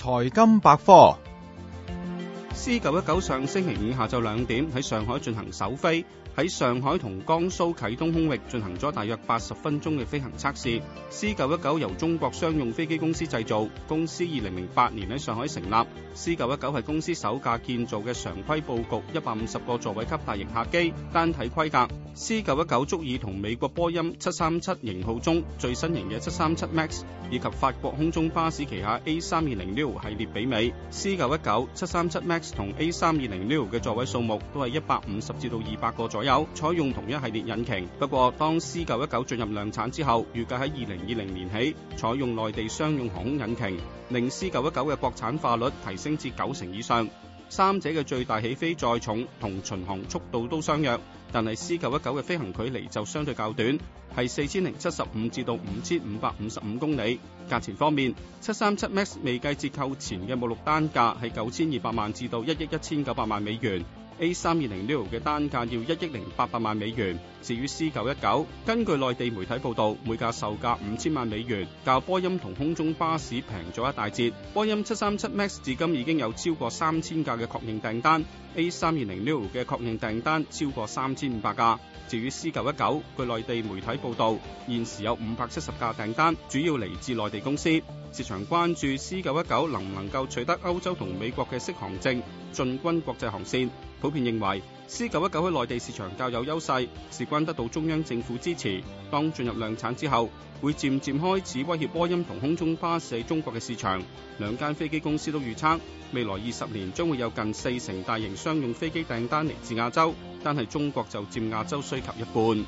財金百科。C 九一九上星期五下晝兩點喺上海進行首飛，喺上海同江蘇啟東空域進行咗大約八十分鐘嘅飛行測試。C 九一九由中國商用飛機公司製造，公司二零零八年喺上海成立。C 九一九係公司首架建造嘅常規布局一百五十個座位級大型客機單體規格。C 九一九足以同美國波音七三七型號中最新型嘅七三七 MAX 以及法國空中巴士旗下 A 三二零 L 系列媲美。C 九一九七三七 MAX 同 A 三二零 L 嘅座位數目都係一百五十至到二百個左右，採用同一系列引擎。不過，當 C 九一九進入量產之後，預計喺二零二零年起採用內地商用航空引擎，令 C 九一九嘅國產化率提升至九成以上。三者嘅最大起飛載重同巡航速度都相若，但係 C 九一九嘅飛行距離就相對較短，係四千零七十五至到五千五百五十五公里。價錢方面，七三七 MAX 未計折扣前嘅目錄單價係九千二百萬至到一億一千九百萬美元。A 三二零 neo 嘅單價要一億零八百萬美元，至於 C 九一九，根據內地媒體報道，每架售價五千萬美元，較波音同空中巴士平咗一大截。波音七三七 Max 至今已經有超過三千架嘅確認訂單，A 三二零 neo 嘅確認訂單超過三千五百架，至於 C 九一九，據內地媒體報道，現時有五百七十架訂單，主要嚟自內地公司。市場關注 C919 能唔能夠取得歐洲同美國嘅適航證，進軍國際航線。普遍認為 C919 喺內地市場較有優勢，事關得到中央政府支持。當進入量產之後，會漸漸開始威脅波音同空中巴士喺中國嘅市場。兩間飛機公司都預測，未來二十年將會有近四成大型商用飛機訂單嚟自亞洲，但係中國就佔亞洲需求一半。